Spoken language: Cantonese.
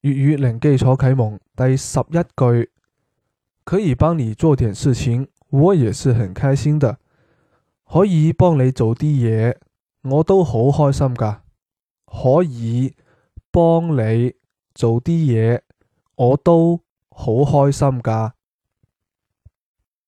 粵語零基礎啟蒙第十一句，可以幫你做點事情，我也是很開心的。可以幫你做啲嘢，我都好開心㗎。可以幫你做啲嘢，我都好開心㗎。